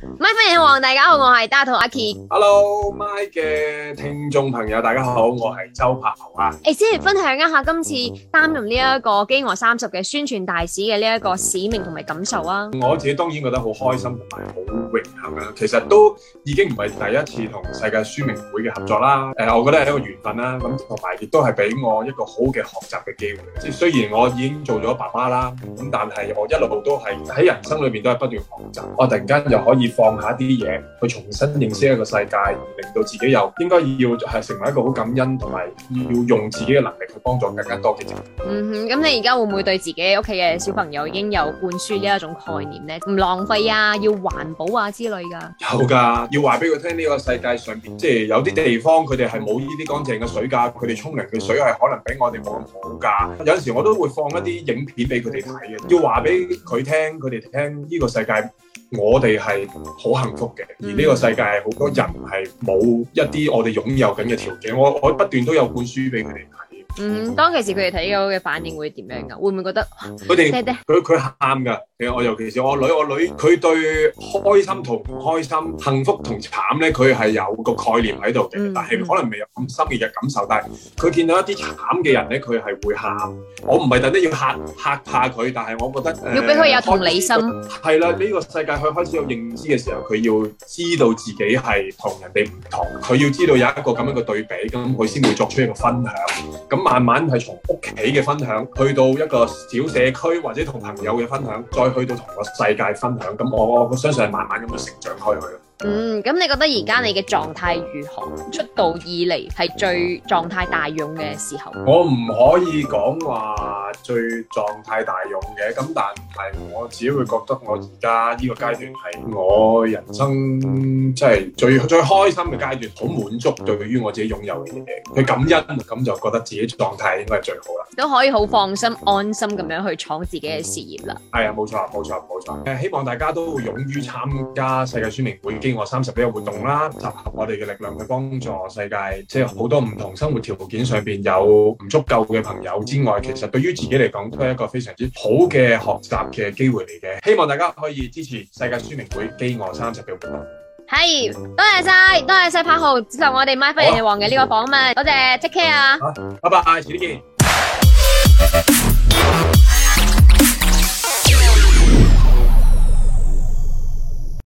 Mike 歡迎我，大家好，我係 Da 同阿奇。k Hello，Mike 嘅聽眾朋友，大家好，我係周柏豪啊。誒，hey, 先分享一下今次擔任呢一個飢餓三十嘅宣傳大使嘅呢一個使命同埋感受啊。我自己當然覺得好開心同埋好榮幸啊。其實都已經唔係第一次同世界宣明會嘅合作啦。誒、呃，我覺得係一個緣分啦。咁同埋亦都係俾我一個好嘅學習嘅機會。即係雖然我已經做咗爸爸啦，咁但係我一路都係喺人生裏邊都係不斷學習。我突然間又可以。放下啲嘢，去重新認識一個世界，而令到自己又應該要係成為一個好感恩，同埋要用自己嘅能力去幫助更加多嘅人。嗯哼，咁你而家會唔會對自己屋企嘅小朋友已經有灌輸呢一種概念呢？唔浪費啊，要環保啊之類噶。有噶，要話俾佢聽呢個世界上邊，即係有啲地方佢哋係冇呢啲乾淨嘅水噶，佢哋沖涼嘅水係可能比我哋冇咁好噶。有陣時我都會放一啲影片俾佢哋睇嘅，要話俾佢聽，佢哋聽呢個世界。我哋係好幸福嘅，而呢個世界係好多人係冇一啲我哋擁有緊嘅條件。我我不斷都有本書俾佢哋睇。嗯，當其時佢哋睇咗嘅反應會點樣噶？會唔會覺得？佢哋佢佢喊㗎。我尤其是我女，我女佢對開心同唔開心、幸福同慘咧，佢係有個概念喺度嘅，嗯、但係可能未有咁深嘅感受。但係佢見到一啲慘嘅人咧，佢係會喊。我唔係特登要嚇嚇怕佢，但係我覺得、呃、要俾佢有同理心。係啦，呢、呢個世界佢開始有認知嘅時候，佢要知道自己係同人哋唔同。佢要知道有一個咁樣嘅對比，咁佢先會作出一個分享。咁慢慢係從屋企嘅分享去到一個小社區或者同朋友嘅分享，再去到同個世界分享，咁我我相信慢慢咁樣成長開去咯。嗯，咁你覺得而家你嘅狀態如何？出道以嚟係最狀態大勇嘅時候。我唔可以講話。最狀態大用嘅，咁但係我自己會覺得我而家呢個階段係我人生即係最最開心嘅階段，好滿足對於我自己擁有嘅嘢，佢感恩咁就覺得自己狀態應該係最好啦。都可以好放心安心咁樣去闖自己嘅事業啦。係啊，冇錯，冇錯，冇錯。誒，希望大家都會勇於參加世界宣明會饑饉三十呢個活動啦，集合我哋嘅力量去幫助世界，即係好多唔同生活條件上面有唔足夠嘅朋友之外，其實對於。自己嚟講，都係一個非常之好嘅學習嘅機會嚟嘅，希望大家可以支持世界宣明會饑餓三十嘅活動。係、hey，多謝晒！多謝曬柏豪接受我哋麥飛野王嘅呢個訪問，好多謝 take care 啊，拜拜，遲啲見。